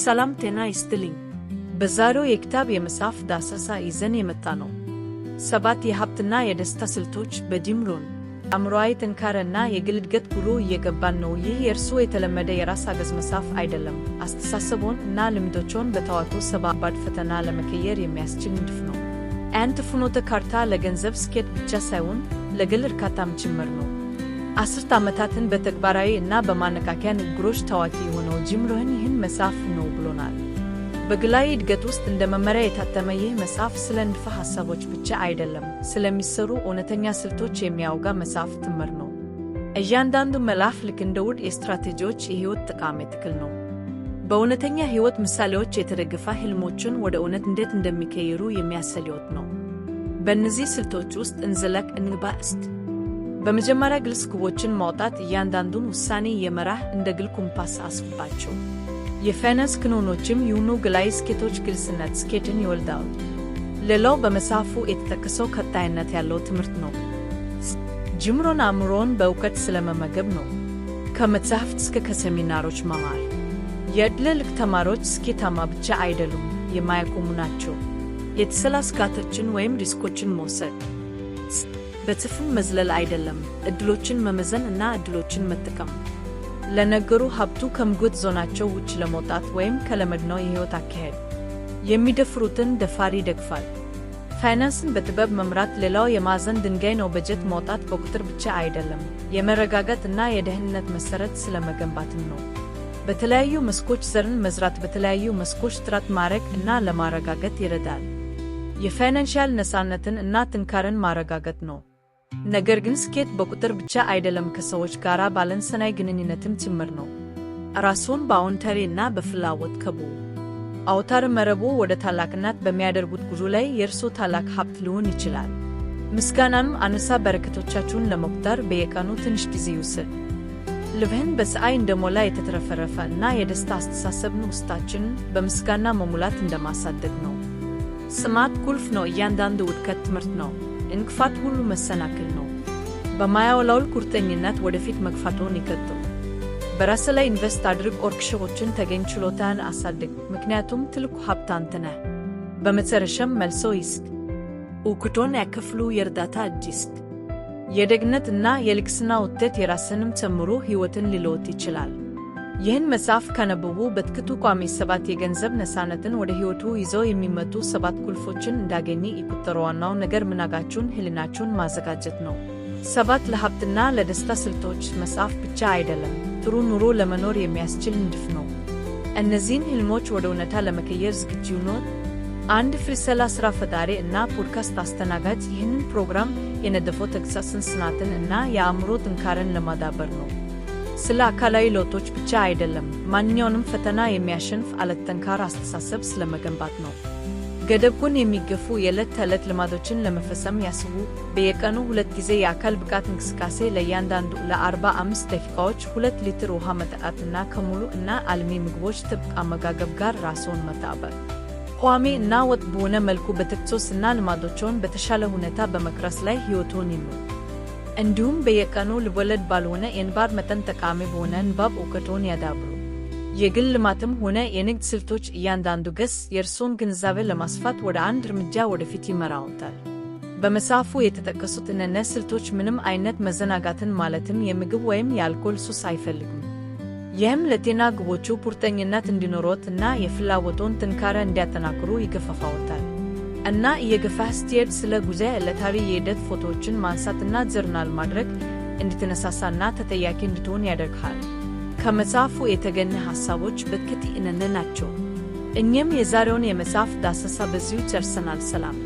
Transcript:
ሰላም ጤና ይስጥልኝ። በዛሬው የኪታብ የመጽሐፍ ዳሰሳ ይዘን የመጣ ነው ሰባት የሀብትና የደስታ ስልቶች በዲምሩን አእምሮአዊ ጥንካሬና የግል እድገት ጉሎ እየገባን ነው። ይህ የእርስዎ የተለመደ የራስ አገዝ መጽሐፍ አይደለም። አስተሳሰቦን እና ልምዶችን ሰባ ሰባባድ ፈተና ለመቀየር የሚያስችል ንድፍ ነው። አንድ ፍኖተ ካርታ ለገንዘብ ስኬት ብቻ ሳይሆን ለግል እርካታም ጭምር ነው። አስርት ዓመታትን በተግባራዊ እና በማነቃቂያ ንግግሮች ታዋቂ የሆነው ጂም ሮህን ይህን መጽሐፍ ነው ብሎናል። በግላዊ እድገት ውስጥ እንደ መመሪያ የታተመ ይህ መጽሐፍ ስለ ንድፈ ሐሳቦች ብቻ አይደለም፣ ስለሚሰሩ እውነተኛ ስልቶች የሚያወጋ መጽሐፍ ትምህር ነው። እያንዳንዱ መልአፍ ልክ እንደ ውድ የስትራቴጂዎች የሕይወት ጠቃሚ ትክል ነው። በእውነተኛ ሕይወት ምሳሌዎች የተደገፈ ህልሞችን ወደ እውነት እንዴት እንደሚቀይሩ ሕይወት ነው። በእነዚህ ስልቶች ውስጥ እንዝለቅ፣ እንግባ እስቲ። በመጀመሪያ ግልጽ ግቦችን ማውጣት እያንዳንዱን ውሳኔ የመራህ እንደ ግል ኮምፓስ አስፍባቸው። የፋይናንስ ክንውኖችም ይሁኑ ግላዊ ስኬቶች ግልጽነት ስኬትን ይወልዳል። ሌላው በመጽሐፉ የተጠቀሰው ቀጣይነት ያለው ትምህርት ነው። ጅምሮን አእምሮን በእውቀት ስለመመገብ ነው። ከመጽሐፍት እስከ ከሰሚናሮች መማር ልክ ተማሪዎች ስኬታማ ብቻ አይደሉም፣ የማያቆሙ ናቸው። የተሰላስካቶችን ወይም ሪስኮችን መውሰድ በትፍም መዝለል አይደለም፣ እድሎችን መመዘን እና እድሎችን መጠቀም። ለነገሩ ሀብቱ ከምቾት ዞናቸው ውጭ ለመውጣት ወይም ከለመድነው የህይወት አካሄድ የሚደፍሩትን ደፋር ይደግፋል። ፋይናንስን በጥበብ መምራት ሌላው የማዕዘን ድንጋይ ነው። በጀት ማውጣት በቁጥር ብቻ አይደለም፣ የመረጋጋት እና የደህንነት መሰረት ስለ መገንባትም ነው። በተለያዩ መስኮች ዘርን መዝራት በተለያዩ መስኮች ጥራት ማድረግ እና ለማረጋገጥ ይረዳል። የፋይናንሻል ነፃነትን እና ትንካርን ማረጋገጥ ነው። ነገር ግን ስኬት በቁጥር ብቻ አይደለም፣ ከሰዎች ጋር ባለን ሰናይ ግንኙነትም ጭምር ነው። ራስዎን በአዎንታዊ እና በፍላጎት ከቡ። አውታር መረቦ ወደ ታላቅነት በሚያደርጉት ጉዞ ላይ የእርስዎ ታላቅ ሀብት ሊሆን ይችላል። ምስጋናም አነሳ በረከቶቻችሁን ለመቁጠር በየቀኑ ትንሽ ጊዜ ይውሰድ። ልብህን በሰአይ እንደሞላ የተትረፈረፈ እና የደስታ አስተሳሰብን ውስጣችንን በምስጋና መሙላት እንደማሳደግ ነው። ጽናት ቁልፍ ነው። እያንዳንዱ ውድቀት ትምህርት ነው። እንቅፋት ሁሉ መሰናክል ነው። በማያወላውል ቁርጠኝነት ወደፊት መግፋቶን ይቀጥሉ። በራስ ላይ ኢንቨስት አድርግ። ወርክሾፖችን ተገኝ፣ ችሎታን አሳድግ፣ ምክንያቱም ትልቁ ሀብት አንተ ነህ። በመጨረሻም መልሶ ይስጥ፣ እውቅቶን ያከፍሉ፣ የእርዳታ እጅ ይስጥ። የደግነት እና የልግስና ውጤት የራስንም ጨምሮ ሕይወትን ሊለወት ይችላል። ይህን መጽሐፍ ካነበቡ በትክቱ ቋሚ ሰባት የገንዘብ ነፃነትን ወደ ሕይወቱ ይዘው የሚመጡ ሰባት ቁልፎችን እንዳገኘ ይቁጠሩ። ዋናው ነገር ምናጋችሁን ህልናችሁን ማዘጋጀት ነው። ሰባት ለሀብትና ለደስታ ስልቶች መጽሐፍ ብቻ አይደለም፣ ጥሩ ኑሮ ለመኖር የሚያስችል ንድፍ ነው። እነዚህን ህልሞች ወደ እውነታ ለመቀየር ዝግጁ ነው? አንድ ፍሪሰላ ስራ ፈጣሪ እና ፖድካስት አስተናጋጅ ይህንን ፕሮግራም የነደፈው ተግሳስን፣ ጽናትን እና የአእምሮ ጥንካሬን ለማዳበር ነው። ስለ አካላዊ ለውጦች ብቻ አይደለም። ማንኛውንም ፈተና የሚያሸንፍ አለት ጠንካራ አስተሳሰብ ስለመገንባት ነው። ገደቡን የሚገፉ የዕለት ተዕለት ልማዶችን ለመፈሰም ያስቡ። በየቀኑ ሁለት ጊዜ የአካል ብቃት እንቅስቃሴ ለእያንዳንዱ ለ45 ደቂቃዎች ሁለት ሊትር ውሃ መጠጣትና ከሙሉ እና አልሚ ምግቦች ጥብቅ አመጋገብ ጋር ራስዎን መታበር። ቋሚ እና ወጥ በሆነ መልኩ በተክሶስ እና ልማዶችዎን በተሻለ ሁኔታ በመቅረስ ላይ ሕይወትዎን ይምሩ። እንዲሁም በየቀኑ ልወለድ ባልሆነ የንባብ መጠን ጠቃሚ በሆነ ንባብ እውቀቶን ያዳብሩ። የግል ልማትም ሆነ የንግድ ስልቶች እያንዳንዱ ገስ የእርስዎን ግንዛቤ ለማስፋት ወደ አንድ እርምጃ ወደፊት ይመራውታል። በመጽሐፉ የተጠቀሱት እነዚህ ስልቶች ምንም አይነት መዘናጋትን ማለትም የምግብ ወይም የአልኮል ሱስ አይፈልጉም። ይህም ለጤና ግቦቹ ቁርጠኝነት እንዲኖሮት እና የፍላጎቶን ጥንካሬ እንዲያጠናክሩ ይገፈፋውታል። እና የግፋ ስትሄድ ስለ ጉዞ ዕለታዊ የሂደት ፎቶዎችን ማንሳትና ጆርናል ማድረግ እንድትነሳሳና ተጠያቂ እንድትሆን ያደርግሃል። ከመጽሐፉ የተገነ ሐሳቦች በርከት ያሉ ናቸው። እኛም የዛሬውን የመጽሐፍ ዳሰሳ በዚሁ ጨርሰናል። ሰላም።